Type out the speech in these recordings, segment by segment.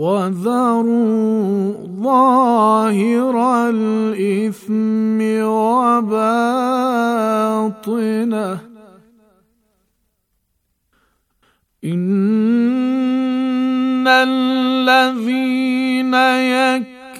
وذروا ظاهر الإثم وباطنه إن الذين يك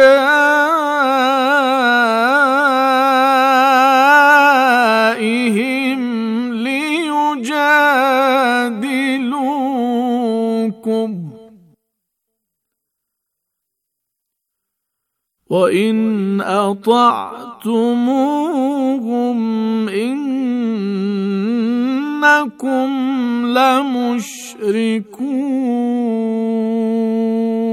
آبائهم ليجادلوكم وإن أطعتموهم إنكم لمشركون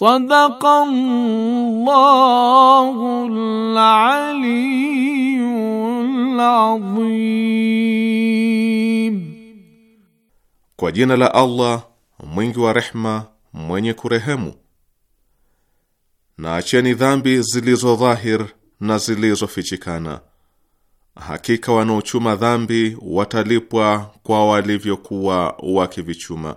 Sadaqallahul aliyyul azim. Kwa jina la Allah mwingi wa rehma mwenye kurehemu. Na acheni dhambi zilizo dhahir na zilizofichikana. Hakika wanaochuma dhambi watalipwa kwa walivyokuwa wakivichuma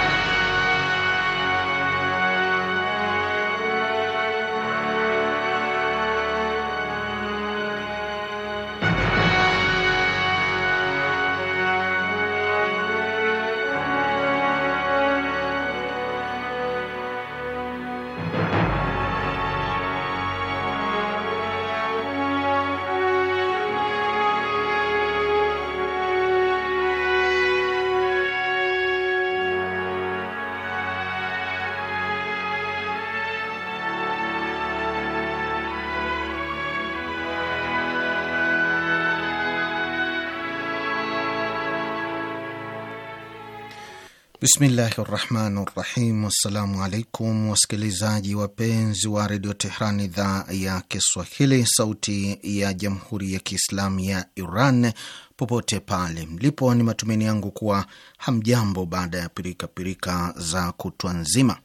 Bismillahi rahmani rahim. Assalamu alaikum wasikilizaji wapenzi wa redio Tehran, idhaa ya Kiswahili, sauti ya jamhuri ya kiislamu ya Iran, popote pale mlipo. Ni matumaini yangu kuwa hamjambo baada ya pirikapirika za kutwa nzima.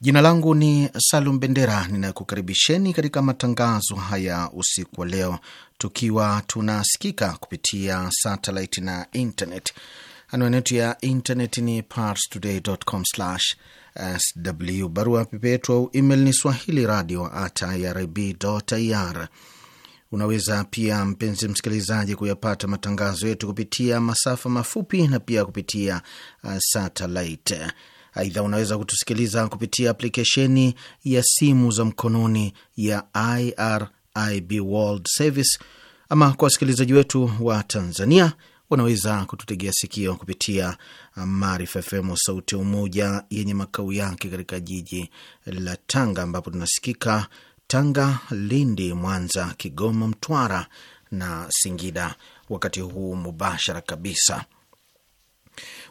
Jina langu ni Salum Bendera, ninakukaribisheni katika matangazo haya usiku wa leo, tukiwa tunasikika kupitia satelit na internet. Anwani yetu ya intaneti ni parstoday.com/sw. Barua pepe yetu au email ni swahili radio at irib.ir. Unaweza pia mpenzi msikilizaji, kuyapata matangazo yetu kupitia masafa mafupi na pia kupitia uh, satellite. Aidha, unaweza kutusikiliza kupitia aplikesheni ya simu za mkononi ya IRIB World Service. Ama kwa wasikilizaji wetu wa Tanzania wanaweza kututegea sikio kupitia Maarifa FM sauti ya Umoja yenye makao yake katika jiji la Tanga, ambapo tunasikika Tanga, Lindi, Mwanza, Kigoma, Mtwara na Singida wakati huu mubashara kabisa.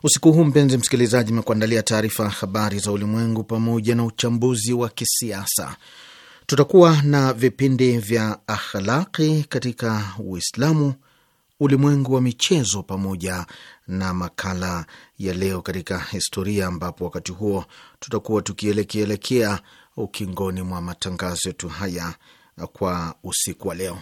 Usiku huu mpenzi msikilizaji, imekuandalia taarifa ya habari za ulimwengu pamoja na uchambuzi wa kisiasa. Tutakuwa na vipindi vya akhlaki katika Uislamu, ulimwengu wa michezo, pamoja na makala ya leo katika historia, ambapo wakati huo tutakuwa tukielekeelekea ukingoni mwa matangazo yetu haya kwa usiku wa leo.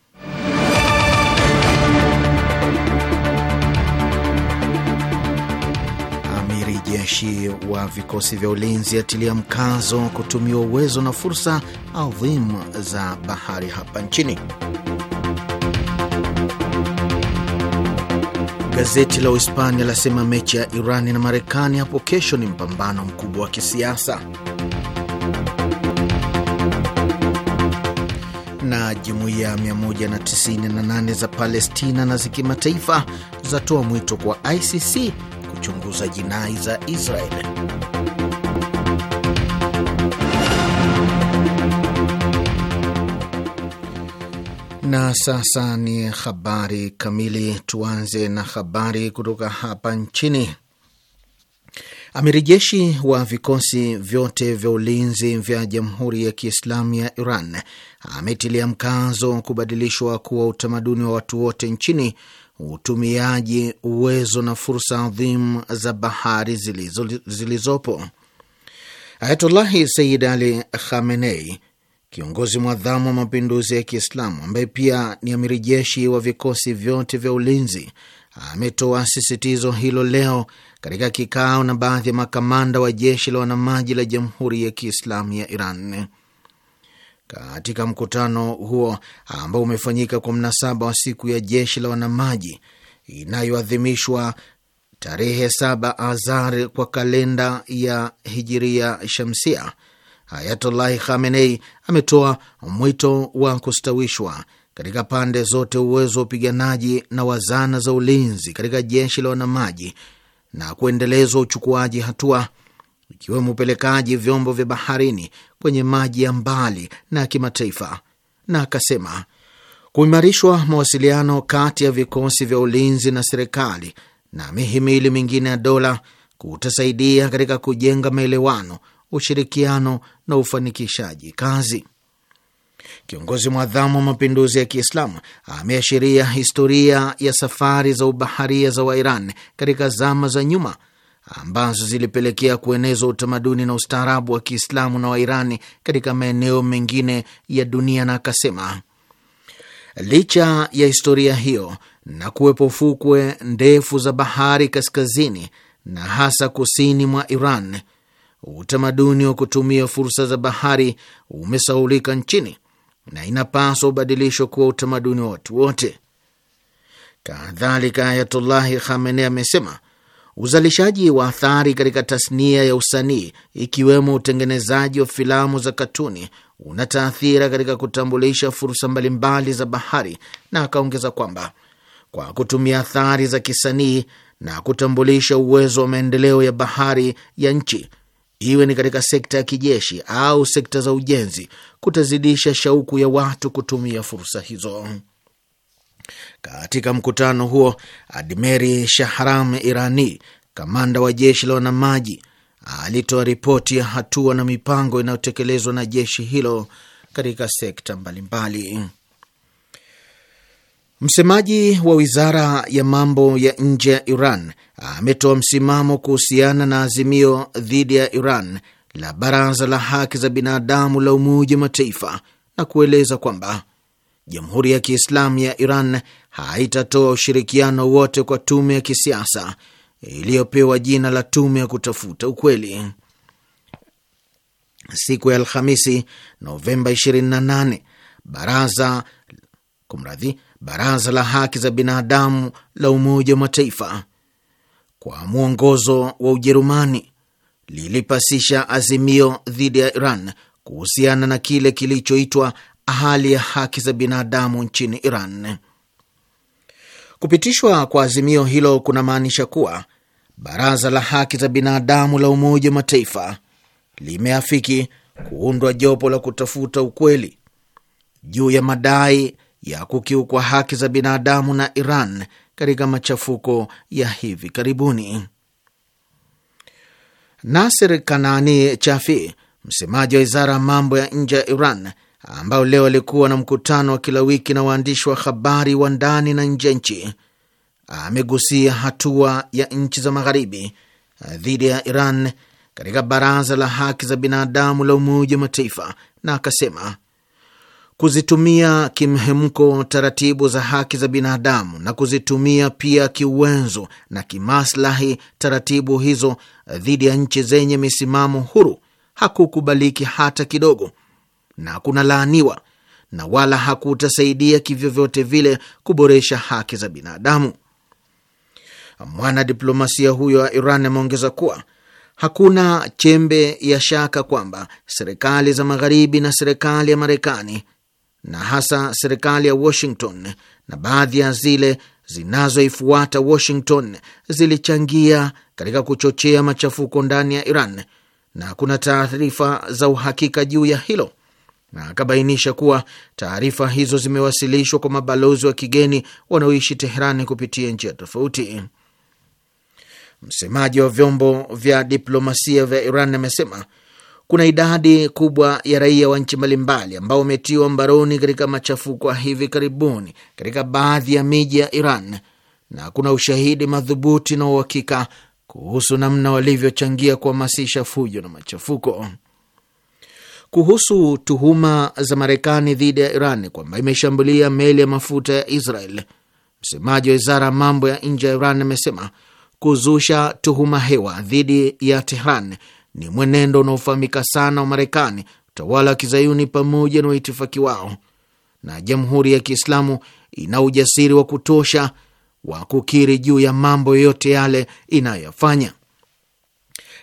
Mwakilishi wa vikosi vya ulinzi atilia mkazo kutumia uwezo na fursa adhimu za bahari hapa nchini. Gazeti la Uhispania lasema mechi ya Irani na Marekani hapo kesho ni mpambano mkubwa wa kisiasa. na jumuiya 198 za Palestina na za kimataifa zatoa mwito kwa ICC kuchunguza jinai za Israel. Na sasa ni habari kamili. Tuanze na habari kutoka hapa nchini. Amiri jeshi wa vikosi vyote vya ulinzi vya Jamhuri ya Kiislamu ya Iran ametilia mkazo kubadilishwa kuwa utamaduni wa watu wote nchini utumiaji uwezo na fursa adhimu za bahari zilizopo. Ayatullahi Sayyid Ali Khamenei, kiongozi mwadhamu wa mapinduzi ya Kiislamu ambaye pia ni amiri jeshi wa vikosi vyote vya ulinzi, ametoa sisitizo hilo leo katika kikao na baadhi ya makamanda wa jeshi la wanamaji la Jamhuri ya Kiislamu ya Iran. Katika mkutano huo ambao umefanyika kwa mnasaba wa siku ya jeshi la wanamaji inayoadhimishwa tarehe saba Azar kwa kalenda ya Hijiria Shamsia, Ayatullahi Khamenei ametoa mwito wa kustawishwa katika pande zote uwezo wa upiganaji na wazana za ulinzi katika jeshi la wanamaji na kuendelezwa uchukuaji hatua ikiwemo upelekaji vyombo vya baharini kwenye maji ya mbali na ya kimataifa, na akasema kuimarishwa mawasiliano kati ya vikosi vya ulinzi na serikali na mihimili mingine ya dola kutasaidia katika kujenga maelewano, ushirikiano na ufanikishaji kazi. Kiongozi mwadhamu wa mapinduzi ya Kiislamu ameashiria historia ya safari za ubaharia za Wairan katika zama za nyuma ambazo zilipelekea kuenezwa utamaduni na ustaarabu wa Kiislamu na Wairani katika maeneo mengine ya dunia, na akasema licha ya historia hiyo na kuwepo fukwe ndefu za bahari kaskazini na hasa kusini mwa Iran, utamaduni wa kutumia fursa za bahari umesaulika nchini na inapaswa ubadilisho kuwa utamaduni wa watu wote. Kadhalika, Ayatullahi Khamenei amesema Uzalishaji wa athari katika tasnia ya usanii ikiwemo utengenezaji wa filamu za katuni una taathira katika kutambulisha fursa mbalimbali za bahari, na akaongeza kwamba kwa kutumia athari za kisanii na kutambulisha uwezo wa maendeleo ya bahari ya nchi, iwe ni katika sekta ya kijeshi au sekta za ujenzi, kutazidisha shauku ya watu kutumia fursa hizo. Katika mkutano huo, Admeri Shahram Irani, kamanda wa jeshi la wanamaji, alitoa ripoti ya hatua na mipango inayotekelezwa na jeshi hilo katika sekta mbalimbali. Msemaji wa wizara ya mambo ya nje ya Iran ametoa msimamo kuhusiana na azimio dhidi ya Iran la Baraza la Haki za Binadamu la Umoja wa Mataifa na kueleza kwamba Jamhuri ya Kiislamu ya Iran haitatoa ushirikiano wote kwa tume ya kisiasa iliyopewa jina la tume ya kutafuta ukweli. Siku ya Alhamisi, Novemba 28, baraza kumradhi, baraza la haki za binadamu la Umoja wa Mataifa kwa mwongozo wa Ujerumani lilipasisha azimio dhidi ya Iran kuhusiana na kile kilichoitwa hali ya haki za binadamu nchini Iran. Kupitishwa kwa azimio hilo kunamaanisha kuwa Baraza la Haki za Binadamu la Umoja wa Mataifa limeafiki kuundwa jopo la kutafuta ukweli juu ya madai ya kukiukwa haki za binadamu na Iran katika machafuko ya hivi karibuni. nasir Kanani Chafi, msemaji wa wizara ya mambo ya nje ya Iran, ambao leo alikuwa na mkutano wa kila wiki na waandishi wa habari wa ndani na nje ya nchi, amegusia hatua ya nchi za magharibi eh, dhidi ya Iran katika Baraza la Haki za Binadamu la Umoja wa Mataifa, na akasema kuzitumia kimhemko taratibu za haki za binadamu na kuzitumia pia kiuwenzo na kimaslahi taratibu hizo eh, dhidi ya nchi zenye misimamo huru hakukubaliki hata kidogo na kunalaaniwa na wala hakutasaidia kivyovyote vile kuboresha haki za binadamu. Mwanadiplomasia huyo wa Iran ameongeza kuwa hakuna chembe ya shaka kwamba serikali za Magharibi na serikali ya Marekani na hasa serikali ya Washington na baadhi ya zile zinazoifuata Washington zilichangia katika kuchochea machafuko ndani ya Iran, na kuna taarifa za uhakika juu ya hilo na akabainisha kuwa taarifa hizo zimewasilishwa kwa mabalozi wa kigeni wanaoishi Teherani kupitia njia tofauti. Msemaji wa vyombo vya diplomasia vya Iran amesema kuna idadi kubwa ya raia wa nchi mbalimbali ambao wametiwa mbaroni katika machafuko ya hivi karibuni katika baadhi ya miji ya Iran, na kuna ushahidi madhubuti na uhakika kuhusu namna walivyochangia kuhamasisha fujo na machafuko kuhusu tuhuma za Marekani dhidi ya Iran kwamba imeshambulia meli ya mafuta ya Israel, msemaji wa wizara ya mambo ya nje ya Iran amesema kuzusha tuhuma hewa dhidi ya Tehran ni mwenendo unaofahamika sana wa Marekani, utawala wa kizayuni pamoja na waitifaki wao, na Jamhuri ya Kiislamu ina ujasiri wa kutosha wa kukiri juu ya mambo yoyote yale inayoyafanya.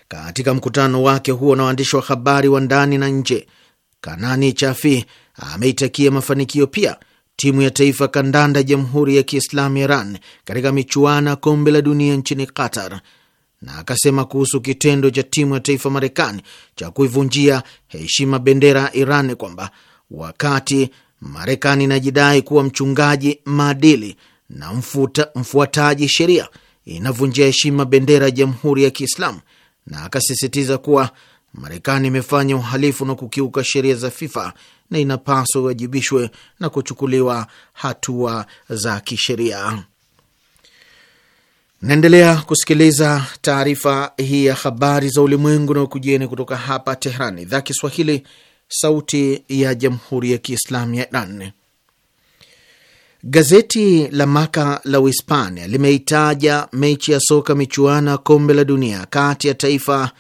Katika mkutano wake huo na waandishi wa habari wa ndani na nje, Kanani Chafi ameitakia mafanikio pia timu ya taifa kandanda ya Jamhuri ya Kiislamu ya Iran katika michuano ya kombe la dunia nchini Qatar, na akasema kuhusu kitendo cha timu ya taifa Marekani cha kuivunjia heshima bendera ya Iran kwamba wakati Marekani inajidai kuwa mchungaji maadili na mfuta, mfuataji sheria inavunjia heshima bendera ya Jamhuri ya Kiislamu na akasisitiza kuwa Marekani imefanya uhalifu na kukiuka sheria za FIFA na inapaswa iwajibishwe na kuchukuliwa hatua za kisheria. Naendelea kusikiliza taarifa hii ya habari za ulimwengu na ukujieni kutoka hapa Tehrani, idhaa Kiswahili, sauti ya jamhuri ya kiislamu ya Iran. Gazeti la Marca la Uhispania limeitaja mechi ya soka michuano ya kombe la dunia kati ya taifa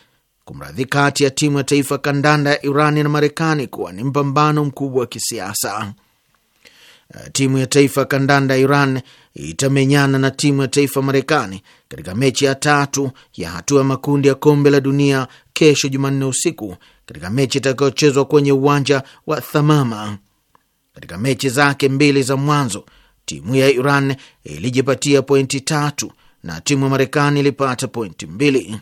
kumradhi, kati ya timu ya taifa kandanda ya Irani na Marekani kuwa ni mpambano mkubwa wa kisiasa. Eh, timu ya taifa kandanda ya Iran itamenyana na timu ya taifa Marekani katika mechi ya tatu ya hatua ya makundi ya kombe la dunia kesho Jumanne usiku katika mechi itakayochezwa kwenye uwanja wa Thamama. Katika mechi zake mbili za mwanzo timu ya Iran ilijipatia pointi tatu na timu ya Marekani ilipata pointi mbili.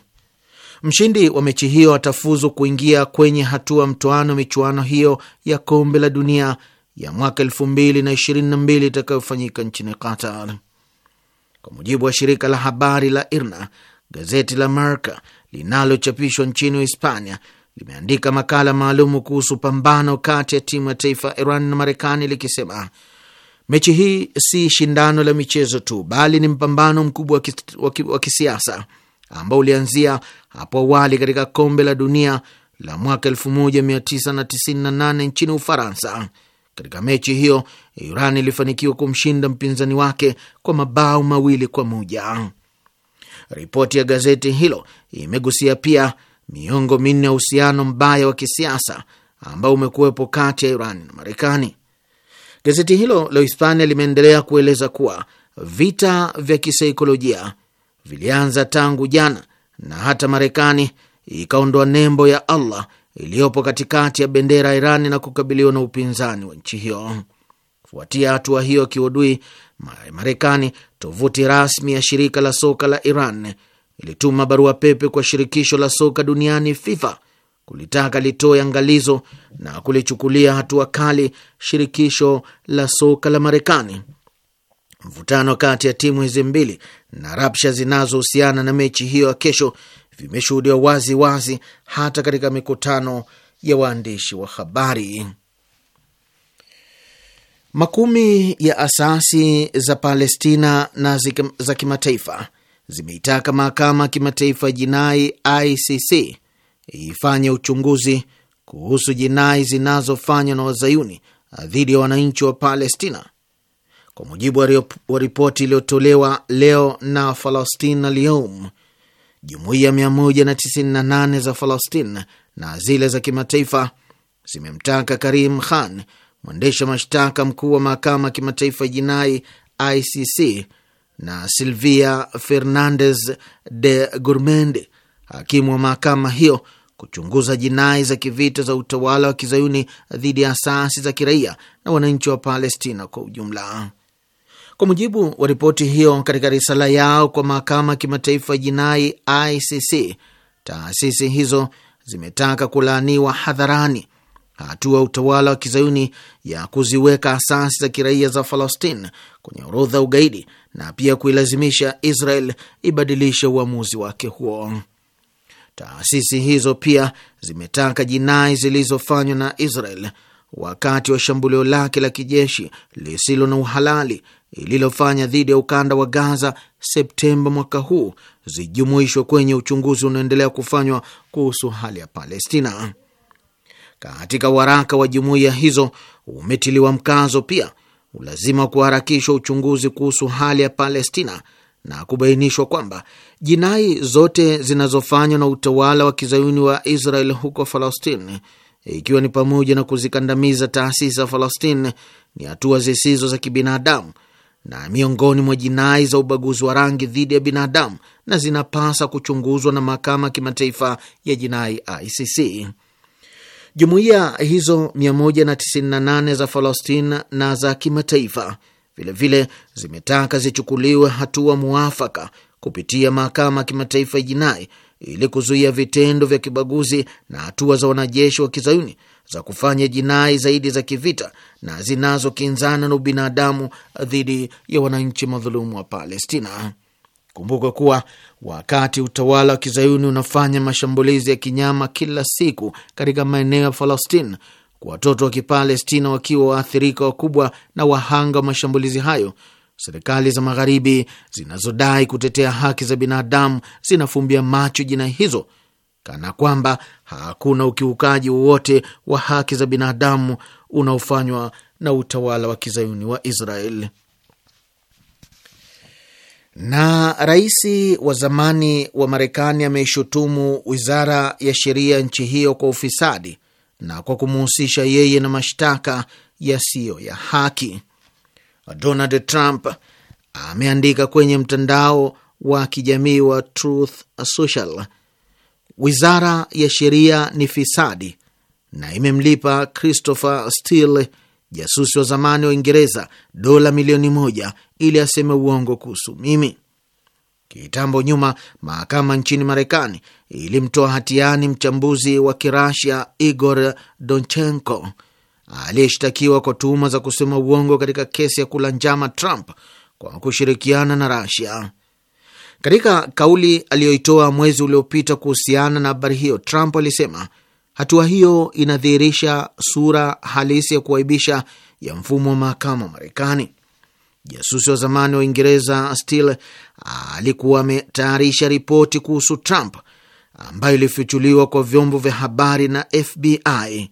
Mshindi wa mechi hiyo atafuzu kuingia kwenye hatua mtoano michuano hiyo ya kombe la dunia ya mwaka elfu mbili na ishirini na mbili itakayofanyika nchini Qatar. Kwa mujibu wa shirika la habari la IRNA, gazeti la Marca linalochapishwa nchini Hispania limeandika makala maalumu kuhusu pambano kati ya timu ya taifa Iran na Marekani likisema mechi hii si shindano la michezo tu, bali ni mpambano mkubwa wa kisiasa ambao ulianzia hapo awali katika kombe la dunia la mwaka 1998 nchini Ufaransa. Katika mechi hiyo Iran ilifanikiwa kumshinda mpinzani wake kwa mabao mawili kwa moja. Ripoti ya gazeti hilo imegusia pia miongo minne ya uhusiano mbaya wa kisiasa ambao umekuwepo kati ya Iran na Marekani. Gazeti hilo la Hispania limeendelea kueleza kuwa vita vya kisaikolojia vilianza tangu jana na hata Marekani ikaondoa nembo ya Allah iliyopo katikati ya bendera ya Iran na kukabiliwa na upinzani wa nchi hiyo. Kufuatia hatua hiyo kiudui Marekani, tovuti rasmi ya shirika la soka la Iran ilituma barua pepe kwa shirikisho la soka duniani FIFA kulitaka litoe angalizo na kulichukulia hatua kali shirikisho la soka la Marekani. Mvutano kati ya timu hizi mbili na rapsha zinazohusiana na mechi hiyo ya kesho vimeshuhudiwa wazi wazi hata katika mikutano ya waandishi wa habari. Makumi ya asasi za Palestina na za kimataifa zimeitaka mahakama ya kimataifa ya jinai ICC ifanye uchunguzi kuhusu jinai zinazofanywa na wazayuni ah, dhidi ya wananchi wa Palestina. Kwa mujibu wa ripoti iliyotolewa leo na Falastin Alyaum, jumuiya 198 za Falastin na zile za kimataifa zimemtaka Karim Khan, mwendesha mashtaka mkuu wa mahakama ya kimataifa ya jinai ICC, na Silvia Fernandez de Gurmendi, hakimu wa mahakama hiyo, kuchunguza jinai za kivita za utawala wa kizayuni dhidi ya asasi za kiraia na wananchi wa Palestina kwa ujumla. Kwa mujibu wa ripoti hiyo, katika risala yao kwa mahakama ya kimataifa ya jinai ICC, taasisi hizo zimetaka kulaaniwa hadharani hatua utawala wa kizayuni ya kuziweka asasi za kiraia za Palestina kwenye orodha ugaidi na pia kuilazimisha Israel ibadilishe uamuzi wake huo. Taasisi hizo pia zimetaka jinai zilizofanywa na Israel wakati wa shambulio lake la kijeshi lisilo na uhalali ililofanya dhidi ya ukanda wa Gaza Septemba mwaka huu zijumuishwe kwenye uchunguzi unaoendelea kufanywa kuhusu hali ya Palestina. Katika waraka wa jumuiya hizo umetiliwa mkazo pia ulazima kuharakishwa uchunguzi kuhusu hali ya Palestina na kubainishwa kwamba jinai zote zinazofanywa na utawala wa kizayuni wa Israel huko Falastini, ikiwa ni pamoja na kuzikandamiza taasisi za Falastini, ni hatua zisizo za kibinadamu na miongoni mwa jinai za ubaguzi wa rangi dhidi ya binadamu na zinapasa kuchunguzwa na mahakama ya kimataifa ya jinai ICC. Jumuiya hizo 198 za Palestina na za kimataifa vilevile zimetaka zichukuliwe hatua mwafaka kupitia mahakama ya kimataifa ya jinai ili kuzuia vitendo vya kibaguzi na hatua za wanajeshi wa kizayuni za kufanya jinai zaidi za kivita na zinazokinzana na ubinadamu dhidi ya wananchi madhulumu wa Palestina. Kumbuka kuwa wakati utawala wa kizayuni unafanya mashambulizi ya kinyama kila siku katika maeneo ya Falastin, kwa watoto wa Kipalestina wakiwa waathirika wakubwa na wahanga wa mashambulizi hayo, serikali za magharibi zinazodai kutetea haki za binadamu zinafumbia macho jinai hizo kana kwamba hakuna ukiukaji wowote wa haki za binadamu unaofanywa na utawala wa kizayuni wa Israeli. Na rais wa zamani wa Marekani ameishutumu wizara ya sheria nchi hiyo kwa ufisadi na kwa kumuhusisha yeye na mashtaka yasiyo ya haki. Donald Trump ameandika kwenye mtandao wa kijamii wa Truth Social, wizara ya sheria ni fisadi na imemlipa Christopher Steele, jasusi wa zamani wa Uingereza, dola milioni moja ili aseme uongo kuhusu mimi. Kitambo nyuma, mahakama nchini Marekani ilimtoa hatiani mchambuzi wa Kirasia Igor Donchenko aliyeshtakiwa kwa tuhuma za kusema uongo katika kesi ya kula njama Trump kwa kushirikiana na rasia Katika kauli aliyoitoa mwezi uliopita kuhusiana na habari hiyo, Trump alisema hatua hiyo inadhihirisha sura halisi ya kuaibisha ya mfumo wa mahakama wa Marekani. Jasusi wa zamani wa Uingereza Steele alikuwa ametayarisha ripoti kuhusu Trump ambayo ilifichuliwa kwa vyombo vya habari na FBI.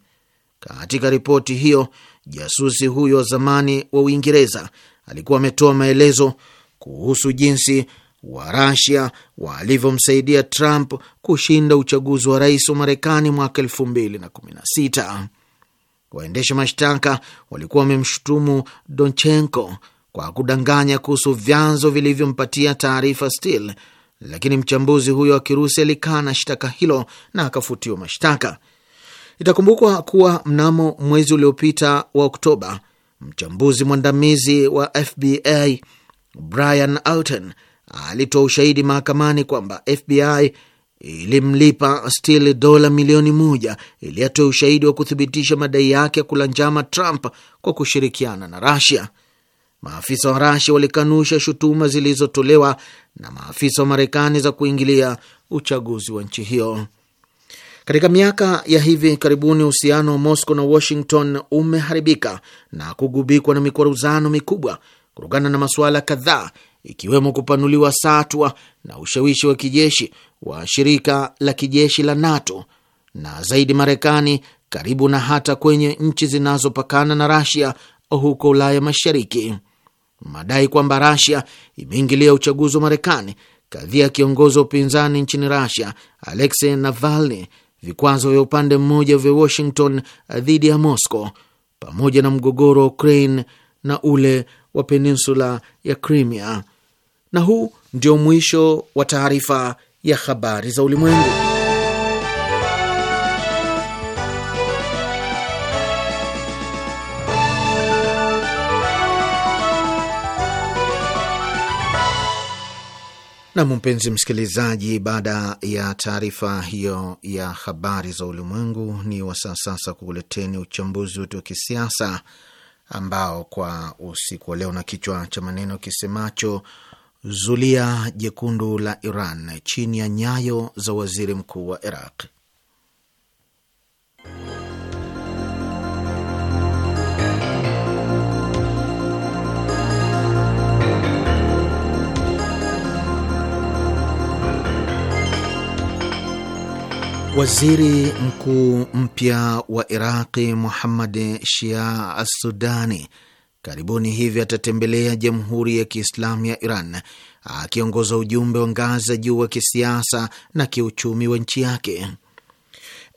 Katika ripoti hiyo, jasusi huyo wa zamani wa Uingereza alikuwa ametoa maelezo kuhusu jinsi wa rasia walivyomsaidia Trump kushinda uchaguzi wa rais wa Marekani mwaka sita. Waendesha mashtaka walikuwa wamemshutumu Donchenko kwa kudanganya kuhusu vyanzo vilivyompatia taarifa Steele, lakini mchambuzi huyo wa Kirusi alikana shtaka hilo na akafutiwa mashtaka. Itakumbukwa kuwa mnamo mwezi uliopita wa Oktoba, mchambuzi mwandamizi wa FBI Brian Alton alitoa ushahidi mahakamani kwamba FBI ilimlipa Steele dola milioni moja ili atoe ushahidi wa kuthibitisha madai yake ya kula njama Trump kwa kushirikiana na Russia. Maafisa wa Rasia walikanusha shutuma zilizotolewa na maafisa wa Marekani za kuingilia uchaguzi wa nchi hiyo. Katika miaka ya hivi karibuni uhusiano wa Moscow na Washington umeharibika na kugubikwa na mikwaruzano mikubwa kutokana na masuala kadhaa ikiwemo kupanuliwa satwa na ushawishi wa kijeshi wa shirika la kijeshi la NATO na zaidi Marekani karibu na hata kwenye nchi zinazopakana na Rasia huko Ulaya Mashariki madai kwamba Rasia imeingilia uchaguzi wa Marekani, kadhia ya kiongozi wa upinzani nchini Rasia Alexei Navalny, vikwazo vya upande mmoja vya Washington dhidi ya Moscow, pamoja na mgogoro wa Ukraine na ule wa peninsula ya Crimea. Na huu ndio mwisho wa taarifa ya habari za ulimwengu. Nam, mpenzi msikilizaji, baada ya taarifa hiyo ya habari za ulimwengu, ni wasaa sasa kukuleteni uchambuzi wetu wa kisiasa ambao kwa usiku wa leo na kichwa cha maneno kisemacho zulia jekundu la Iran chini ya nyayo za waziri mkuu wa Iraq. Waziri mkuu mpya wa Iraqi Muhammad Shia Assudani karibuni hivi atatembelea Jamhuri ya Kiislamu ya Iran akiongoza ujumbe wa ngazi za juu wa kisiasa na kiuchumi wa nchi yake.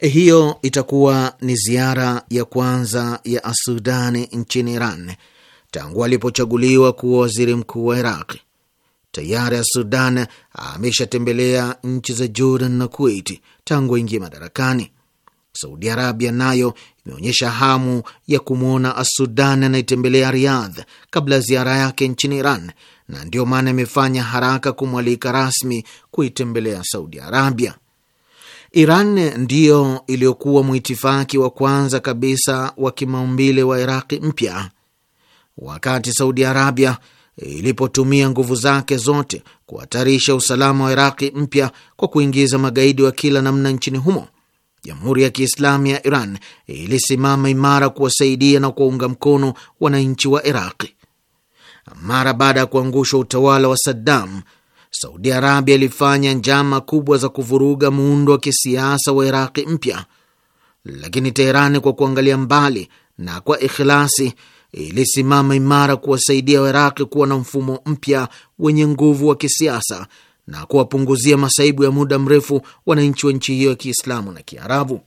Hiyo itakuwa ni ziara ya kwanza ya Assudani nchini Iran tangu alipochaguliwa kuwa waziri mkuu wa Iraqi tayari ya Sudan ameshatembelea nchi za Jordan na Kuwait tangu aingie madarakani. Saudi Arabia nayo imeonyesha hamu ya kumwona Asudan anaitembelea Riyadh kabla ya ziara yake nchini Iran, na ndiyo maana imefanya haraka kumwalika rasmi kuitembelea Saudi Arabia. Iran ndiyo iliyokuwa mwitifaki wa kwanza kabisa wa kimaumbile wa Iraqi mpya, wakati Saudi Arabia ilipotumia nguvu zake zote kuhatarisha usalama wa Iraqi mpya kwa kuingiza magaidi wa kila namna nchini humo, Jamhuri ya Kiislamu ya Iran ilisimama imara kuwasaidia na kuwaunga mkono wananchi wa Iraqi. Mara baada ya kuangushwa utawala wa Saddam, Saudi Arabia ilifanya njama kubwa za kuvuruga muundo wa kisiasa wa Iraqi mpya, lakini Teherani, kwa kuangalia mbali na kwa ikhlasi ilisimama imara kuwasaidia Wairaqi kuwa na mfumo mpya wenye nguvu wa kisiasa na kuwapunguzia masaibu ya muda mrefu wananchi wa nchi hiyo ya Kiislamu na Kiarabu.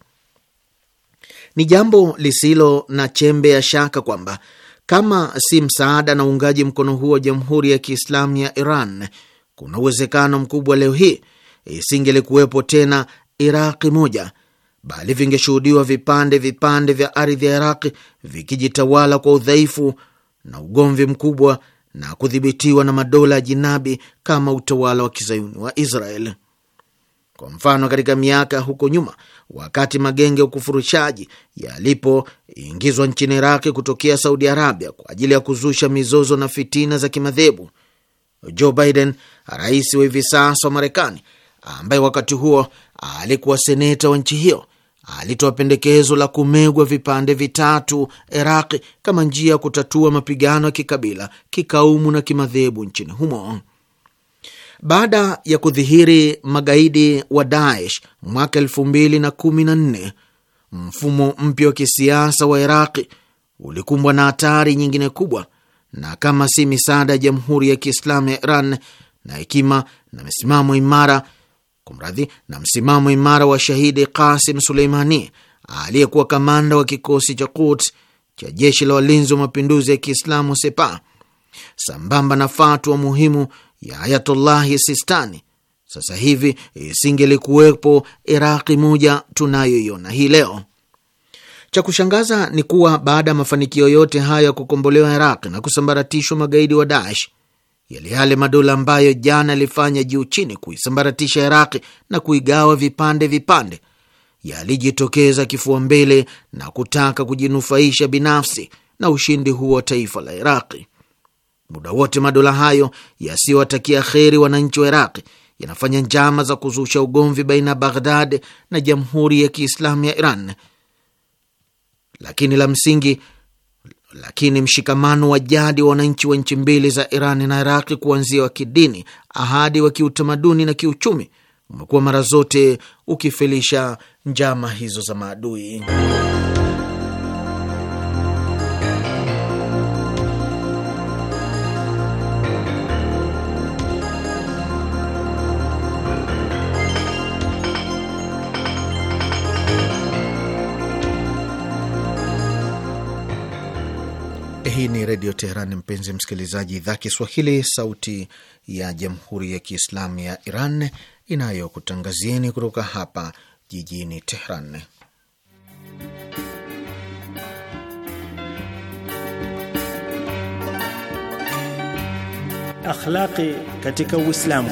Ni jambo lisilo na chembe ya shaka kwamba kama si msaada na uungaji mkono huo wa Jamhuri ya Kiislamu ya Iran, kuna uwezekano mkubwa leo hii isingelikuwepo tena Iraqi moja bali vingeshuhudiwa vipande vipande vya ardhi ya Iraqi vikijitawala kwa udhaifu na ugomvi mkubwa na kudhibitiwa na madola ya jinabi kama utawala wa kizayuni wa Israel. Kwa mfano, katika miaka huko nyuma, wakati magenge ya ukufurushaji yalipoingizwa nchini Iraqi kutokea Saudi Arabia kwa ajili ya kuzusha mizozo na fitina za kimadhehebu, Joe Biden, rais wa hivi sasa wa Marekani, ambaye wakati huo alikuwa seneta wa nchi hiyo, alitoa pendekezo la kumegwa vipande vitatu Iraqi kama njia ya kutatua mapigano ya kikabila, kikaumu na kimadhehebu nchini humo. Baada ya kudhihiri magaidi wa Daesh mwaka elfu mbili na kumi na nne, mfumo mpya wa kisiasa wa Iraqi ulikumbwa na hatari nyingine kubwa, na kama si misaada ya Jamhuri ya Kiislamu ya Iran na hekima na misimamo imara kumradhi, na msimamo imara wa shahidi Kasim Suleimani aliyekuwa kamanda wa kikosi cha Quds cha jeshi la walinzi wa mapinduzi ya Kiislamu Sepa, sambamba na fatwa muhimu ya Ayatullahi Sistani, sasa hivi isingelikuwepo Iraqi moja tunayoiona hii leo. Cha kushangaza ni kuwa baada ya mafanikio yote hayo ya kukombolewa Iraqi na kusambaratishwa magaidi wa Daesh, yale yale madola ambayo jana yalifanya juu chini kuisambaratisha Iraqi na kuigawa vipande vipande, yalijitokeza kifua mbele na kutaka kujinufaisha binafsi na ushindi huo wa taifa la Iraqi. Muda wote madola hayo yasiyowatakia kheri wananchi wa Iraqi yanafanya njama za kuzusha ugomvi baina ya Baghdad na Jamhuri ya Kiislamu ya Iran, lakini la msingi lakini mshikamano wa jadi wa wananchi wa nchi mbili za Irani na Iraqi, kuanzia wa kidini ahadi wa kiutamaduni na kiuchumi, umekuwa mara zote ukifilisha njama hizo za maadui. Hii ni Redio Teheran, mpenzi msikilizaji, idhaa Kiswahili, sauti ya Jamhuri ya Kiislamu ya Iran inayokutangazieni kutoka hapa jijini Teheran. Akhlaqi katika Uislamu.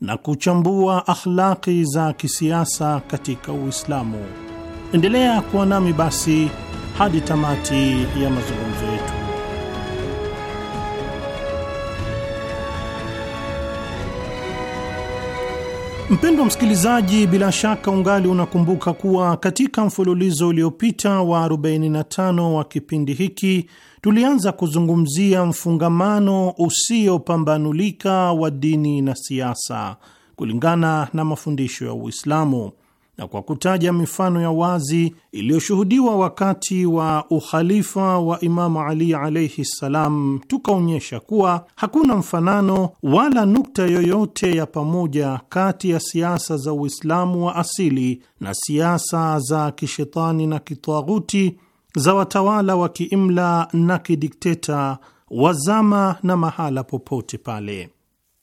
na kuchambua akhlaki za kisiasa katika Uislamu. Endelea kuwa nami basi hadi tamati ya mazungumzo yetu. Mpendwa msikilizaji, bila shaka ungali unakumbuka kuwa katika mfululizo uliopita wa 45 wa kipindi hiki tulianza kuzungumzia mfungamano usiopambanulika wa dini na siasa kulingana na mafundisho ya Uislamu na kwa kutaja mifano ya wazi iliyoshuhudiwa wakati wa ukhalifa wa Imamu Ali alaihi ssalam, tukaonyesha kuwa hakuna mfanano wala nukta yoyote ya pamoja kati ya siasa za Uislamu wa asili na siasa za kishetani na kitaghuti za watawala wa kiimla na kidikteta wazama na mahala popote pale.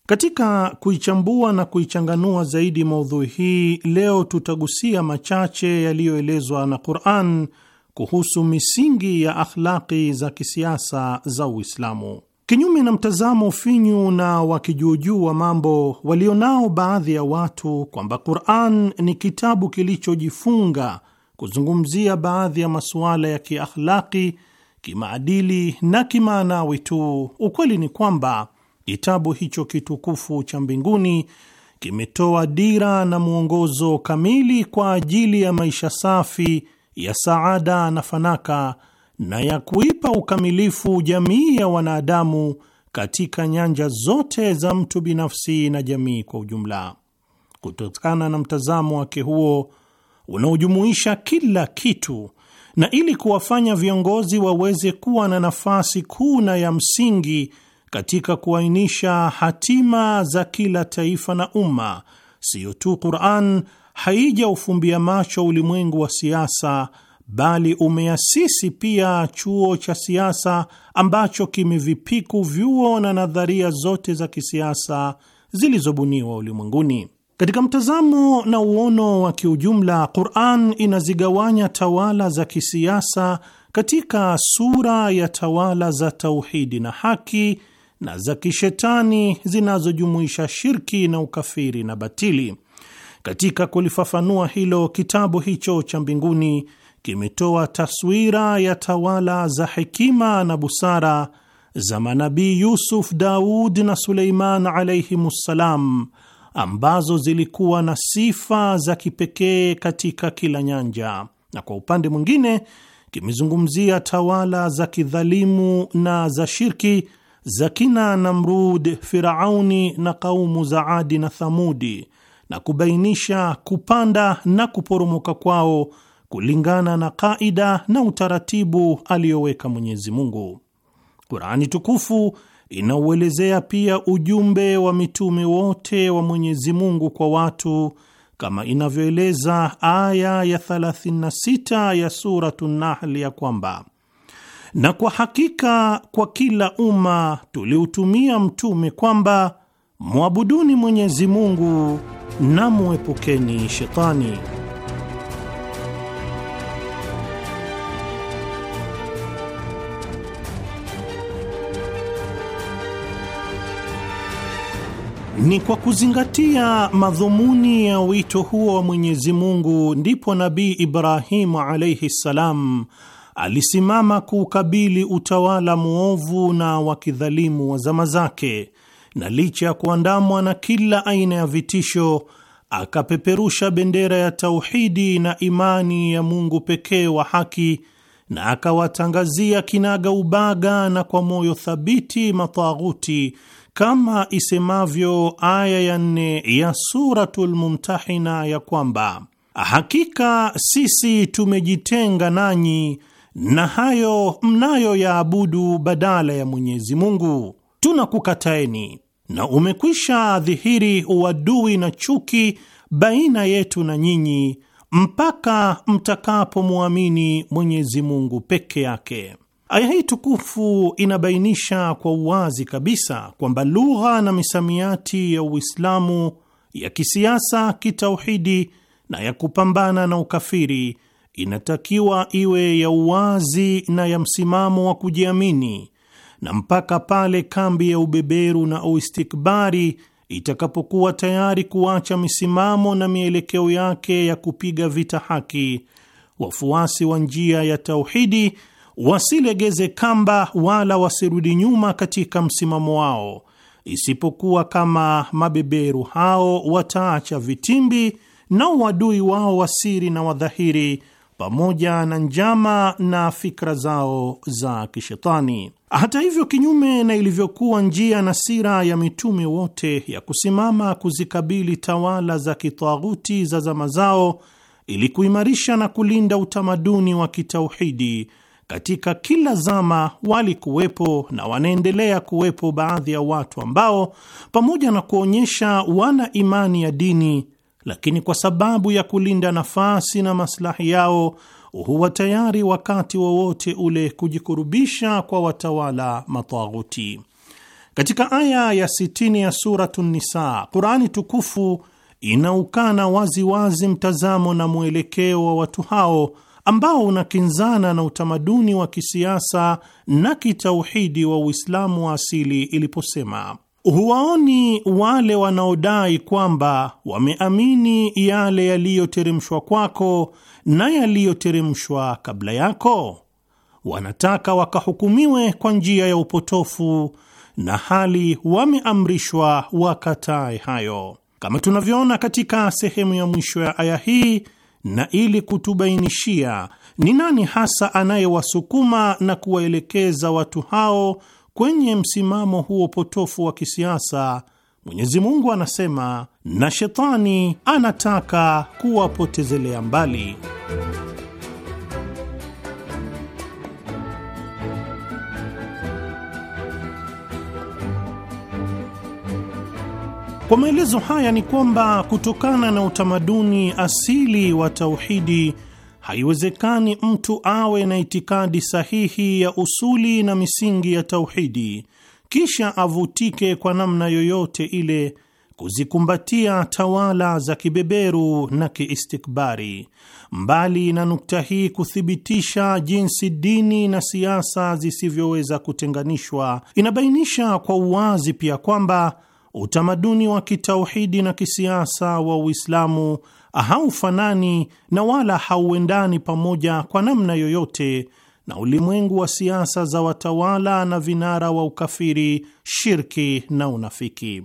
Katika kuichambua na kuichanganua zaidi maudhui hii, leo tutagusia machache yaliyoelezwa na Qur'an kuhusu misingi ya akhlaqi za kisiasa za Uislamu. Kinyume na mtazamo finyu na wakijuujuu wa mambo walionao baadhi ya watu kwamba Qur'an ni kitabu kilichojifunga kuzungumzia baadhi ya masuala ya kiakhlaki, kimaadili na kimaanawi tu. Ukweli ni kwamba kitabu hicho kitukufu cha mbinguni kimetoa dira na mwongozo kamili kwa ajili ya maisha safi ya saada na fanaka na ya kuipa ukamilifu jamii ya wanadamu katika nyanja zote za mtu binafsi na jamii kwa ujumla. Kutokana na mtazamo wake huo, unaojumuisha kila kitu, na ili kuwafanya viongozi waweze kuwa na nafasi kuu na ya msingi katika kuainisha hatima za kila taifa na umma, siyo tu Qur'an haijaufumbia macho ulimwengu wa siasa, bali umeasisi pia chuo cha siasa ambacho kimevipiku vyuo na nadharia zote za kisiasa zilizobuniwa ulimwenguni. Katika mtazamo na uono wa kiujumla, Quran inazigawanya tawala za kisiasa katika sura ya tawala za tauhidi na haki na za kishetani zinazojumuisha shirki na ukafiri na batili. Katika kulifafanua hilo, kitabu hicho cha mbinguni kimetoa taswira ya tawala za hekima na busara za manabii Yusuf, Daud na Suleiman ssalam ambazo zilikuwa na sifa za kipekee katika kila nyanja, na kwa upande mwingine kimezungumzia tawala za kidhalimu na za shirki za kina Namrud, Firauni na kaumu za Adi na Thamudi, na kubainisha kupanda na kuporomoka kwao kulingana na kaida na utaratibu aliyoweka Mwenyezi Mungu. Kurani tukufu inauelezea pia ujumbe wa mitume wote wa Mwenyezi Mungu kwa watu kama inavyoeleza aya ya 36 ya Suratu Nahli ya kwamba na kwa hakika kwa kila umma tuliutumia mtume kwamba mwabuduni Mwenyezi Mungu na muepukeni shetani. Ni kwa kuzingatia madhumuni ya wito huo wa Mwenyezi Mungu ndipo Nabii Ibrahimu alaihi ssalam alisimama kuukabili utawala mwovu na wakidhalimu wa zama zake, na licha ya kuandamwa na kila aina ya vitisho, akapeperusha bendera ya tauhidi na imani ya Mungu pekee wa haki, na akawatangazia kinaga ubaga na kwa moyo thabiti mataghuti kama isemavyo aya ya nne ya Suratul Mumtahina ya kwamba hakika sisi tumejitenga nanyi na hayo mnayoyaabudu badala ya Mwenyezi Mungu, tunakukataeni na umekwisha dhihiri uadui na chuki baina yetu na nyinyi mpaka mtakapomwamini Mwenyezi Mungu peke yake. Aya hii tukufu inabainisha kwa uwazi kabisa kwamba lugha na misamiati ya Uislamu ya kisiasa, kitauhidi na ya kupambana na ukafiri inatakiwa iwe ya uwazi na ya msimamo wa kujiamini, na mpaka pale kambi ya ubeberu na uistikbari itakapokuwa tayari kuacha misimamo na mielekeo yake ya kupiga vita haki, wafuasi wa njia ya tauhidi wasilegeze kamba wala wasirudi nyuma katika msimamo wao, isipokuwa kama mabeberu hao wataacha vitimbi na uadui wao wasiri na wadhahiri pamoja na njama na fikra zao za kishetani. Hata hivyo, kinyume na ilivyokuwa njia na sira ya mitume wote ya kusimama kuzikabili tawala za kitaghuti za zama zao ili kuimarisha na kulinda utamaduni wa kitauhidi katika kila zama walikuwepo na wanaendelea kuwepo baadhi ya watu ambao pamoja na kuonyesha wana imani ya dini, lakini kwa sababu ya kulinda nafasi na maslahi yao huwa tayari wakati wowote wa ule kujikurubisha kwa watawala mataghuti. Katika aya ya sitini ya Suratu Nisa, Qurani tukufu inaukana waziwazi mtazamo na mwelekeo wa watu hao ambao unakinzana na utamaduni wa kisiasa na kitauhidi wa Uislamu wa asili iliposema, huwaoni wale wanaodai kwamba wameamini yale yaliyoteremshwa kwako na yaliyoteremshwa kabla yako. Wanataka wakahukumiwe kwa njia ya upotofu na hali wameamrishwa wakatae hayo, kama tunavyoona katika sehemu ya mwisho ya aya hii na ili kutubainishia ni nani hasa anayewasukuma na kuwaelekeza watu hao kwenye msimamo huo potofu wa kisiasa, Mwenyezi Mungu anasema, na shetani anataka kuwapotezelea mbali. Kwa maelezo haya ni kwamba kutokana na utamaduni asili wa tauhidi, haiwezekani mtu awe na itikadi sahihi ya usuli na misingi ya tauhidi kisha avutike kwa namna yoyote ile kuzikumbatia tawala za kibeberu na kiistikbari. Mbali na nukta hii kuthibitisha jinsi dini na siasa zisivyoweza kutenganishwa, inabainisha kwa uwazi pia kwamba utamaduni wa kitauhidi na kisiasa wa Uislamu haufanani na wala hauendani pamoja kwa namna yoyote na ulimwengu wa siasa za watawala na vinara wa ukafiri, shirki na unafiki,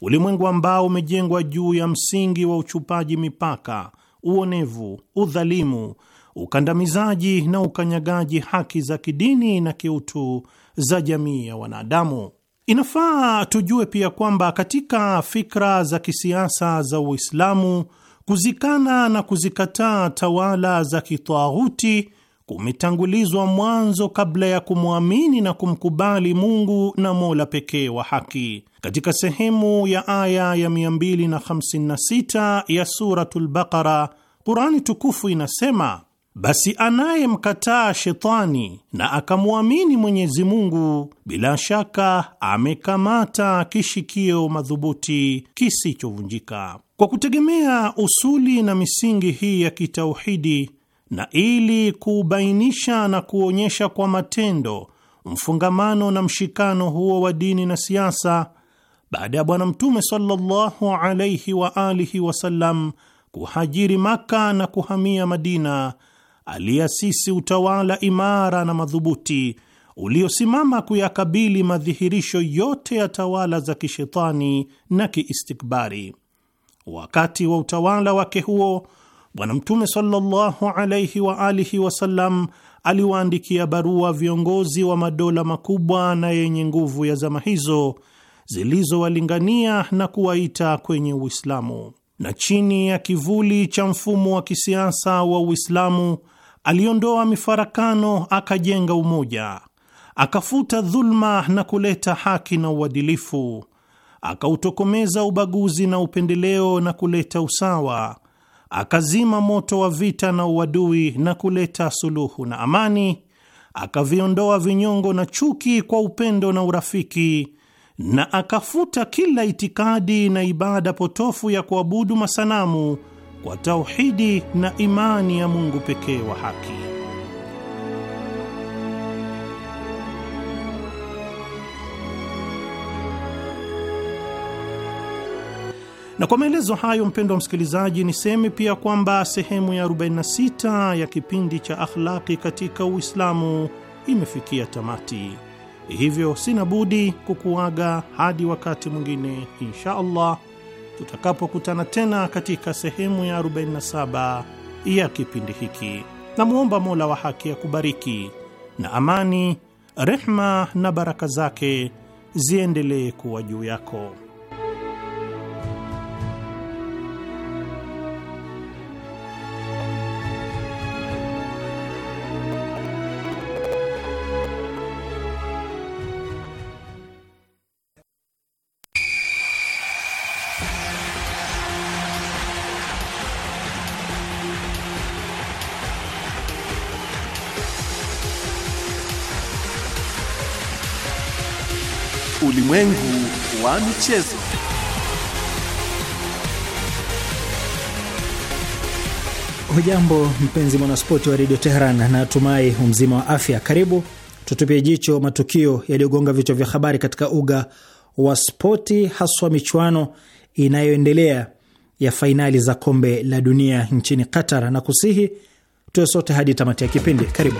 ulimwengu ambao umejengwa juu ya msingi wa uchupaji mipaka, uonevu, udhalimu, ukandamizaji na ukanyagaji haki za kidini na kiutu za jamii ya wanadamu. Inafaa tujue pia kwamba katika fikra za kisiasa za Uislamu kuzikana na kuzikataa tawala za kitaghuti kumetangulizwa mwanzo kabla ya kumwamini na kumkubali Mungu na Mola pekee wa haki. Katika sehemu ya aya ya 256 ya suratul Baqara, Qurani tukufu inasema basi anayemkataa shetani na akamwamini Mwenyezi Mungu, bila shaka amekamata kishikio madhubuti kisichovunjika. Kwa kutegemea usuli na misingi hii ya kitauhidi, na ili kuubainisha na kuonyesha kwa matendo mfungamano na mshikano huo wa dini na siasa, baada ya Bwana Mtume sallallahu alaihi wa alihi wasallam kuhajiri Maka na kuhamia Madina aliasisi utawala imara na madhubuti uliosimama kuyakabili madhihirisho yote ya tawala za kishetani na kiistikbari. Wakati wa utawala wake huo, Bwana Mtume sallallahu wa alihi wasallam aliwaandikia barua viongozi wa madola makubwa na yenye nguvu ya zama hizo zilizowalingania na kuwaita kwenye Uislamu, na chini ya kivuli cha mfumo wa kisiasa wa Uislamu aliondoa mifarakano, akajenga umoja, akafuta dhulma na kuleta haki na uadilifu, akautokomeza ubaguzi na upendeleo na kuleta usawa, akazima moto wa vita na uadui na kuleta suluhu na amani, akaviondoa vinyongo na chuki kwa upendo na urafiki na akafuta kila itikadi na ibada potofu ya kuabudu masanamu kwa tauhidi na imani ya Mungu pekee wa haki. Na kwa maelezo hayo, mpendo wa msikilizaji, niseme pia kwamba sehemu ya 46 ya kipindi cha akhlaki katika Uislamu imefikia tamati. Hivyo sina budi kukuaga hadi wakati mwingine insha Allah tutakapokutana tena katika sehemu ya 47 ya kipindi hiki. Namwomba Mola wa haki akubariki, na amani, rehma na baraka zake ziendelee kuwa juu yako. Ulimwengu wa michezo. Hujambo mpenzi mwanaspoti wa redio Teheran, na tumai umzima wa afya. Karibu tutupie jicho matukio yaliyogonga vichwa vya habari katika uga wa spoti, haswa michuano inayoendelea ya fainali za kombe la dunia nchini Qatar, na kusihi tuwe sote hadi tamati ya kipindi. Karibu.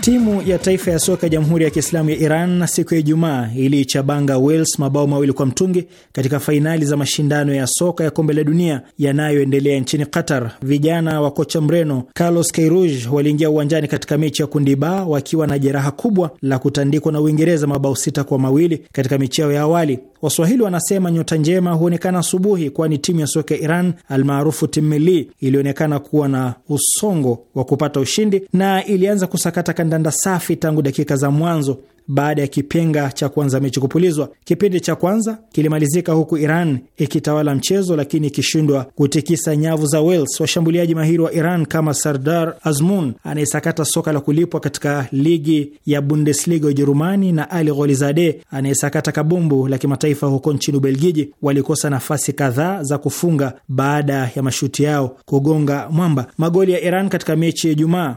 Timu ya taifa ya soka ya Jamhuri ya Kiislamu ya Iran siku ya Ijumaa iliichabanga Wales mabao mawili kwa mtungi katika fainali za mashindano ya soka ya kombe la dunia yanayoendelea nchini Qatar. Vijana wa kocha Mreno Carlos Queiroz waliingia uwanjani katika mechi ya kundi ba wakiwa na jeraha kubwa la kutandikwa na Uingereza mabao sita kwa mawili katika mechi yao ya awali. Waswahili wanasema nyota njema huonekana asubuhi, kwani timu ya soka ya Iran almaarufu Timmeli ilionekana kuwa na usongo wa kupata ushindi na ilianza kusakata kanda kandanda safi tangu dakika za mwanzo baada ya kipenga cha kwanza mechi kupulizwa. Kipindi cha kwanza kilimalizika huku Iran ikitawala mchezo, lakini ikishindwa kutikisa nyavu za Wales. Washambuliaji mahiri wa Iran kama Sardar Azmun anayesakata soka la kulipwa katika ligi ya Bundesliga ya Ujerumani na Ali Gholizade anayesakata kabumbu la kimataifa huko nchini Ubelgiji walikosa nafasi kadhaa za kufunga baada ya mashuti yao kugonga mwamba. Magoli ya Iran katika mechi ya Ijumaa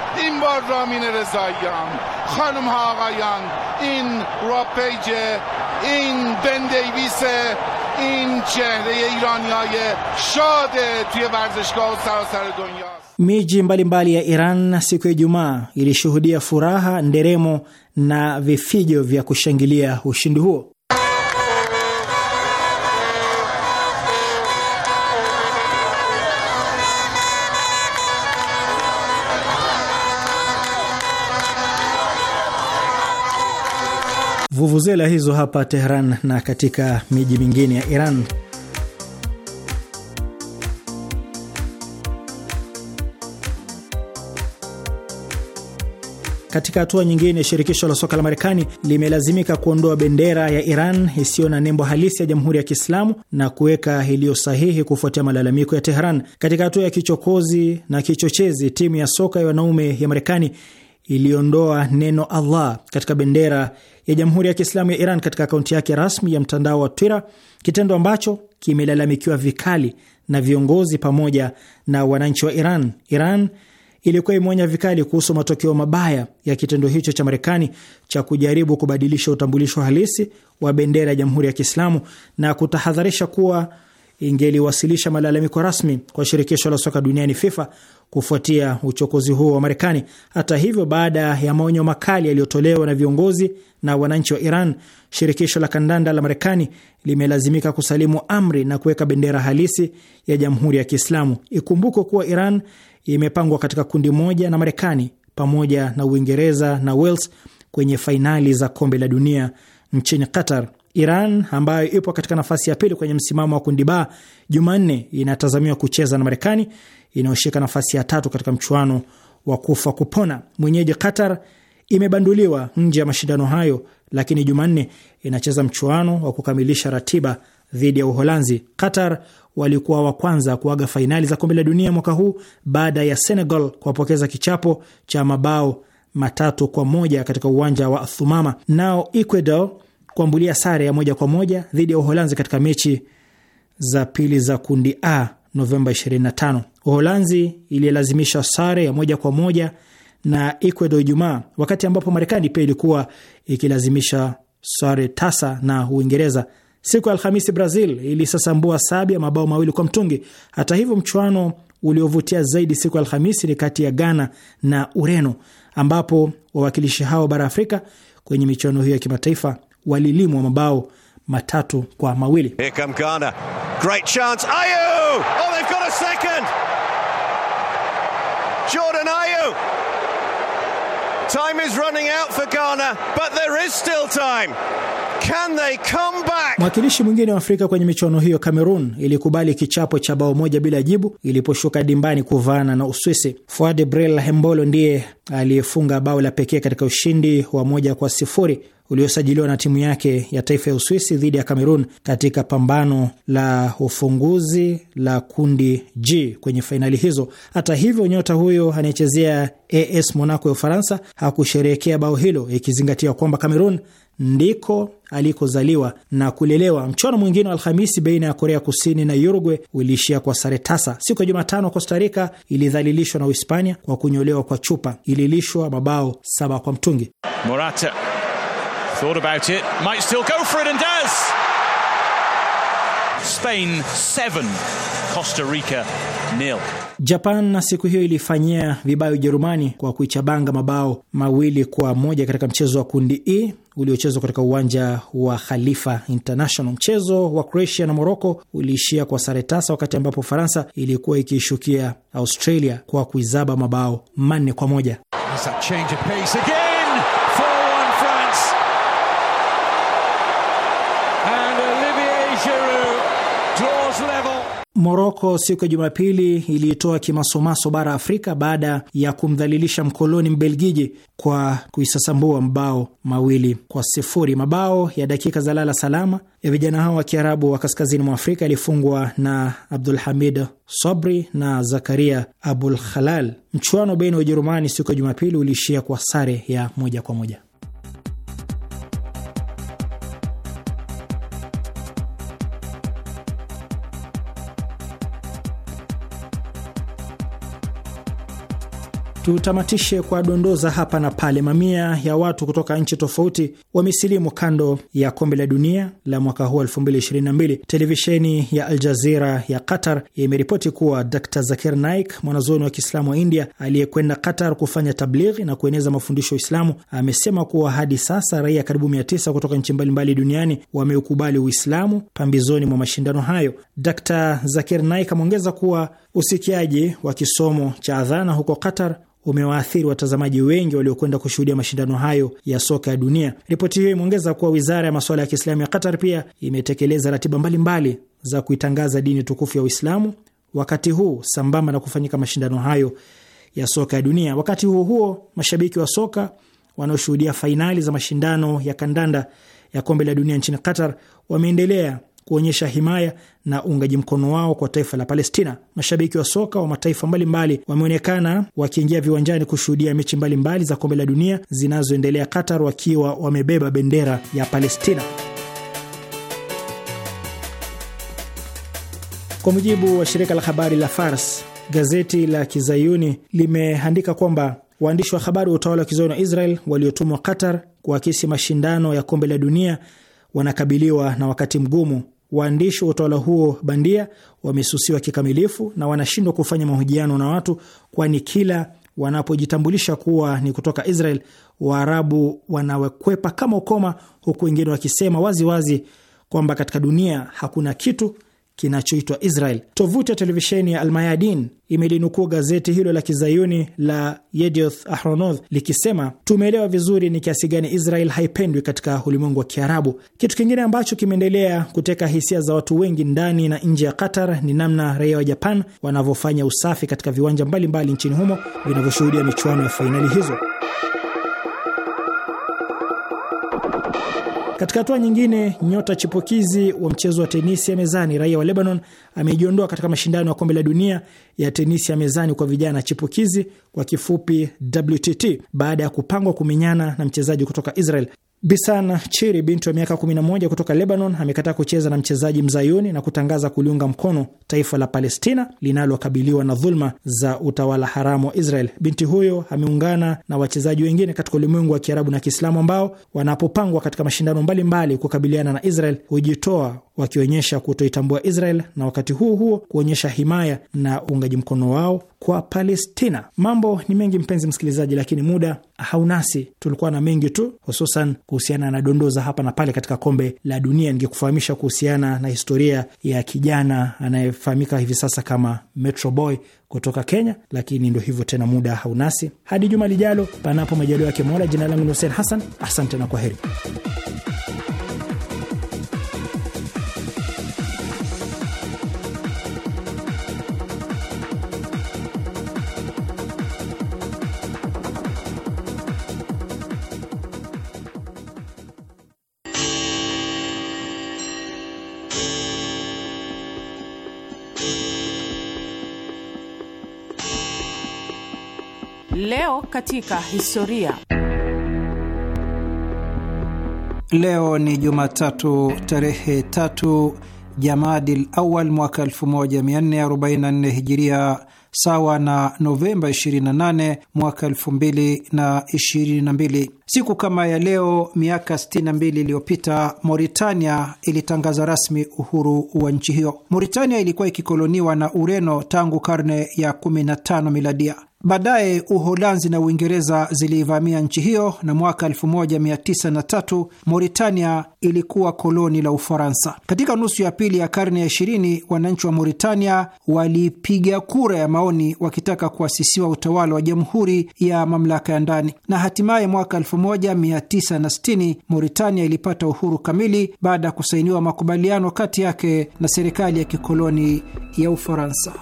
این بار رامین رضاییان خانم ها آقایان این راپیج این بن دیویس این چهره ایرانی های شاد توی ورزشگاه و سراسر دنیا Miji mbalimbali mbali ya Iran siku ya Ijumaa ilishuhudia furaha, nderemo na vifijo vya kushangilia ushindi huo. vuvuzela hizo hapa Tehran na katika miji mingine ya Iran. Katika hatua nyingine, shirikisho la soka la Marekani limelazimika kuondoa bendera ya Iran isiyo na nembo halisi ya Jamhuri ya Kiislamu na kuweka iliyo sahihi kufuatia malalamiko ya Tehran. Katika hatua ya kichokozi na kichochezi, timu ya soka ya wanaume ya Marekani iliondoa neno Allah katika bendera ya Jamhuri ya Kiislamu ya Iran katika akaunti yake rasmi ya mtandao wa Twitter, kitendo ambacho kimelalamikiwa vikali na viongozi pamoja na wananchi wa Iran. Iran ilikuwa imeonya vikali kuhusu matokeo mabaya ya kitendo hicho cha Marekani cha kujaribu kubadilisha utambulisho halisi wa bendera ya Jamhuri ya Kiislamu na kutahadharisha kuwa ingeliwasilisha malalamiko rasmi kwa shirikisho la soka duniani FIFA kufuatia uchokozi huo wa Marekani. Hata hivyo, baada ya maonyo makali yaliyotolewa na viongozi na wananchi wa Iran, shirikisho la kandanda la Marekani limelazimika kusalimu amri na kuweka bendera halisi ya Jamhuri ya Kiislamu. Ikumbukwe kuwa Iran imepangwa katika kundi moja na Marekani pamoja na Uingereza na Wales kwenye fainali za kombe la dunia nchini Qatar Iran ambayo ipo katika nafasi ya pili kwenye msimamo wa kundi ba, Jumanne inatazamiwa kucheza na Marekani inayoshika nafasi ya tatu katika mchuano wa kufa kupona. Mwenyeji Qatar imebanduliwa nje ya mashindano hayo, lakini Jumanne inacheza mchuano wa kukamilisha ratiba dhidi ya Uholanzi. Qatar walikuwa wa kwanza kuaga fainali za kombe la dunia mwaka huu baada ya Senegal kuwapokeza kichapo cha mabao matatu kwa moja katika uwanja wa Thumama. Nao Ecuador kuambulia sare ya moja kwa moja dhidi ya Uholanzi katika mechi za pili za kundi A Novemba 25. Uholanzi ililazimisha sare ya moja kwa moja na Ecuador Ijumaa, wakati ambapo Marekani pia ilikuwa ikilazimisha sare tasa na Uingereza. Siku ya Alhamisi, Brazil ilisasambua sabi mabao mawili kwa mtungi. Hata hivyo, mchuano uliovutia zaidi siku ya Alhamisi ni kati ya Ghana na Ureno, ambapo wawakilishi hao bara Afrika kwenye michuano hiyo ya kimataifa walilimwa mabao matatu kwa mawili. Here come Ghana. Great chance. Ayu! Oh, they've got a second. Jordan Ayu. Time is running out for Ghana, but there is still time. Can they come back? Mwakilishi mwingine wa Afrika kwenye michuano hiyo Cameroon ilikubali kichapo cha bao moja bila jibu iliposhuka dimbani kuvaana na Uswisi. Fuad Brel Hembolo ndiye aliyefunga bao la pekee katika ushindi wa moja kwa sifuri uliosajiliwa na timu yake ya taifa ya Uswisi dhidi ya Cameroon katika pambano la ufunguzi la kundi G kwenye fainali hizo. Hata hivyo, nyota huyo anayechezea AS Monaco ya Ufaransa hakusherehekea bao hilo, ikizingatia kwamba Cameroon ndiko alikozaliwa na kulelewa. Mchuano mwingine wa Alhamisi baina ya Korea Kusini na Uruguay uliishia kwa sare tasa. Siku ya Jumatano, Costa Rica ilidhalilishwa na Uhispania kwa kunyolewa kwa chupa, ililishwa mabao saba kwa mtungi. Morata thought about it might still go for it and does Spain 7 Costa Rica nil. Japan na siku hiyo ilifanyia vibayo Ujerumani kwa kuichabanga mabao mawili kwa moja katika mchezo wa kundi E uliochezwa katika uwanja wa Khalifa International. Mchezo wa Croatia na Morocco uliishia kwa sare tasa, wakati ambapo Faransa ilikuwa ikiishukia Australia kwa kuizaba mabao manne kwa moja. Moroko siku ya Jumapili iliitoa kimasomaso bara Afrika baada ya kumdhalilisha mkoloni Mbelgiji kwa kuisasambua mabao mawili kwa sifuri. Mabao ya dakika za lala salama ya vijana hao wa Kiarabu wa kaskazini mwa Afrika yalifungwa na Abdul Hamid Sobri na Zakaria Abul Khalal. Mchuano baina ya Ujerumani siku ya Jumapili uliishia kwa sare ya moja kwa moja. Tutamatishe kwa dondoza hapa na pale. Mamia ya watu kutoka nchi tofauti wamesilimu kando ya kombe la dunia la mwaka huu 2022. Televisheni ya Al ya Qatar imeripoti kuwa Dr Zakir Naik, mwanazuoni wa Kiislamu wa India aliyekwenda Qatar kufanya tablighi na kueneza mafundisho ya Uislamu, amesema kuwa hadi sasa raia karibu 900 kutoka nchi mbalimbali duniani wameukubali Uislamu pambizoni mwa mashindano hayo. Dr Zakir Naik ameongeza kuwa usikiaji wa kisomo cha adhana huko Qatar umewaathiri watazamaji wengi waliokwenda kushuhudia mashindano hayo ya soka ya dunia. Ripoti hiyo imeongeza kuwa wizara ya masuala ya Kiislamu ya Qatar pia imetekeleza ratiba mbalimbali mbali za kuitangaza dini tukufu ya Uislamu wakati huu sambamba na kufanyika mashindano hayo ya soka ya dunia. Wakati huo huo, mashabiki wa soka wanaoshuhudia fainali za mashindano ya kandanda ya kombe la dunia nchini Qatar wameendelea kuonyesha himaya na uungaji mkono wao kwa taifa la Palestina. Mashabiki wa soka wa mataifa mbalimbali wameonekana wakiingia viwanjani kushuhudia mechi mbalimbali za kombe la dunia zinazoendelea Qatar, wakiwa wamebeba bendera ya Palestina. Kwa mujibu wa shirika la habari la Fars, gazeti la kizayuni limeandika kwamba waandishi wa habari wa utawala wa kizayuni wa Israel waliotumwa Qatar kuakisi mashindano ya kombe la dunia wanakabiliwa na wakati mgumu. Waandishi wa utawala huo bandia wamesusiwa kikamilifu na wanashindwa kufanya mahojiano na watu, kwani kila wanapojitambulisha kuwa ni kutoka Israel, Waarabu wanawekwepa kama ukoma, huku wengine wakisema waziwazi kwamba katika dunia hakuna kitu kinachoitwa Israel. Tovuti ya televisheni ya Almayadin imelinukuu gazeti hilo la kizayuni la Yedioth Ahronoth likisema, tumeelewa vizuri ni kiasi gani Israel haipendwi katika ulimwengu wa Kiarabu. Kitu kingine ambacho kimeendelea kuteka hisia za watu wengi ndani na nje ya Qatar ni namna raia wa Japan wanavyofanya usafi katika viwanja mbalimbali mbali nchini humo vinavyoshuhudia michuano ya fainali hizo. Katika hatua nyingine, nyota chipukizi wa mchezo wa tenisi ya mezani raia wa Lebanon amejiondoa katika mashindano ya kombe la dunia ya tenisi ya mezani kwa vijana chipukizi, kwa kifupi WTT, baada ya kupangwa kumenyana na mchezaji kutoka Israel. Bisan Chiri, binti wa miaka 11 kutoka Lebanon, amekataa kucheza na mchezaji mzayuni na kutangaza kuliunga mkono taifa la Palestina linalokabiliwa na dhuluma za utawala haramu wa Israel. Binti huyo ameungana na wachezaji wengine katika ulimwengu wa Kiarabu na Kiislamu ambao wanapopangwa katika mashindano mbalimbali kukabiliana na Israel hujitoa wakionyesha kutoitambua Israel na wakati huo huo kuonyesha himaya na uungaji mkono wao kwa Palestina. Mambo ni mengi mpenzi msikilizaji, lakini muda haunasi. Tulikuwa na mengi tu, hususan kuhusiana na dondoo za hapa na pale katika kombe la dunia. Ningekufahamisha kuhusiana na historia ya kijana anayefahamika hivi sasa kama Metro Boy kutoka Kenya, lakini ndo hivyo tena, muda haunasi. Hadi juma lijalo, panapo majaliwa yake Mola. Jina langu ni Hussein Hassan, asante na kwa heri. Leo katika historia. Leo ni Jumatatu tarehe tatu Jamadil Awal mwaka 1444 Hijiria, sawa na Novemba 28 mwaka 2022. Siku kama ya leo miaka 62 iliyopita Mauritania ilitangaza rasmi uhuru wa nchi hiyo. Mauritania ilikuwa ikikoloniwa na Ureno tangu karne ya 15 miladia. Baadaye Uholanzi na Uingereza ziliivamia nchi hiyo na mwaka 1903 Mauritania ilikuwa koloni la Ufaransa. Katika nusu ya pili ya karne ya 20, wananchi wa Mauritania walipiga kura ya maoni wakitaka kuasisiwa utawala wa jamhuri ya mamlaka ya ndani, na hatimaye mwaka 1960 Mauritania ilipata uhuru kamili baada ya kusainiwa makubaliano kati yake na serikali ya kikoloni ya Ufaransa.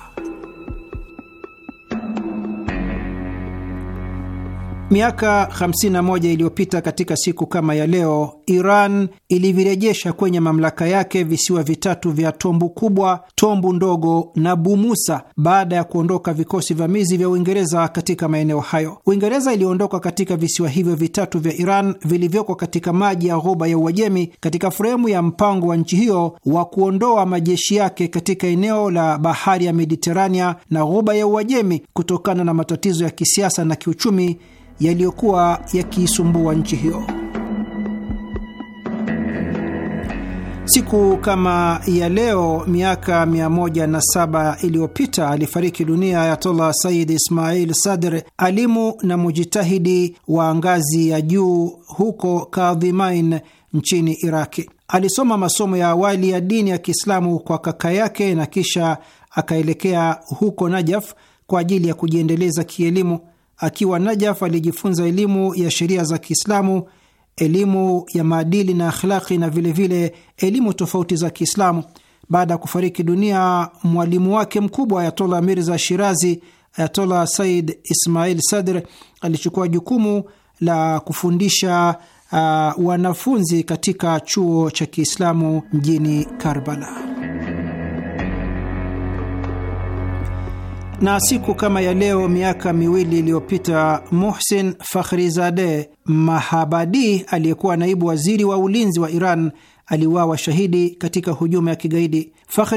Miaka 51 iliyopita katika siku kama ya leo, Iran ilivirejesha kwenye mamlaka yake visiwa vitatu vya Tombu Kubwa, Tombu Ndogo na Bumusa baada ya kuondoka vikosi vamizi vya Uingereza katika maeneo hayo. Uingereza iliondoka katika visiwa hivyo vitatu vya Iran vilivyoko katika maji ya Ghuba ya Uajemi katika fremu ya mpango wa nchi hiyo wa kuondoa majeshi yake katika eneo la bahari ya Mediterania na Ghuba ya Uajemi kutokana na matatizo ya kisiasa na kiuchumi yaliyokuwa yakiisumbua nchi hiyo. Siku kama ya leo miaka 107 iliyopita alifariki dunia Ayatollah Said Ismail Sadr, alimu na mujitahidi wa ngazi ya juu huko Kadhimain nchini Iraki. Alisoma masomo ya awali ya dini ya Kiislamu kwa kaka yake na kisha akaelekea huko Najaf kwa ajili ya kujiendeleza kielimu. Akiwa Najaf alijifunza elimu ya sheria za Kiislamu, elimu ya maadili na akhlaki na vilevile elimu tofauti za Kiislamu. Baada ya kufariki dunia mwalimu wake mkubwa Ayatola Mirza Shirazi, Ayatola Said Ismail Sadr alichukua jukumu la kufundisha uh, wanafunzi katika chuo cha Kiislamu mjini Karbala. na siku kama ya leo miaka miwili iliyopita Muhsin fakhrizade Mahabadi aliyekuwa naibu waziri wa ulinzi wa Iran aliuawa shahidi katika hujuma ya kigaidi.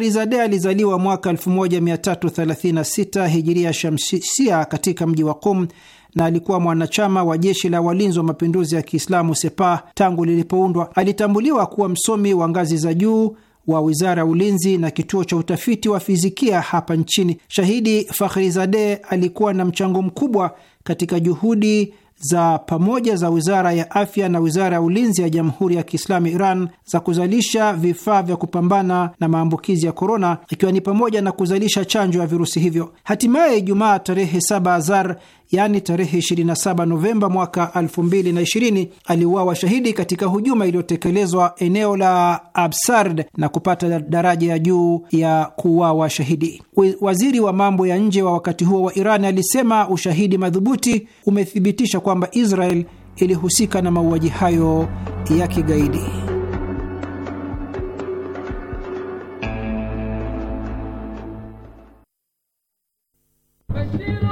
zade alizaliwa mwaka 1336 hijiria shamsia katika mji wa Qum na alikuwa mwanachama wa jeshi la walinzi wa mapinduzi ya Kiislamu Sepah tangu lilipoundwa. Alitambuliwa kuwa msomi wa ngazi za juu wa wizara ya ulinzi na kituo cha utafiti wa fizikia hapa nchini. Shahidi Fakhrizadeh alikuwa na mchango mkubwa katika juhudi za pamoja za wizara ya afya na wizara ya ulinzi ya Jamhuri ya Kiislamu Iran za kuzalisha vifaa vya kupambana na maambukizi ya korona, ikiwa ni pamoja na kuzalisha chanjo ya virusi hivyo. Hatimaye Ijumaa tarehe 7 Azar yaani tarehe 27 Novemba mwaka 2020 aliuawa shahidi katika hujuma iliyotekelezwa eneo la Absard na kupata daraja ya juu ya kuuawa shahidi. Waziri wa mambo ya nje wa wakati huo wa Iran alisema ushahidi madhubuti umethibitisha kwamba Israel ilihusika na mauaji hayo ya kigaidi. Bashiro!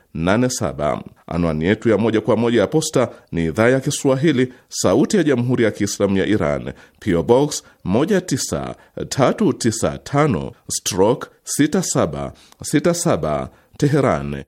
87. Anwani yetu ya moja kwa moja ya posta ni idhaa ya Kiswahili, sauti ya jamhuri ya kiislamu ya Iran, PO Box 19395 stroke 6767 Teheran,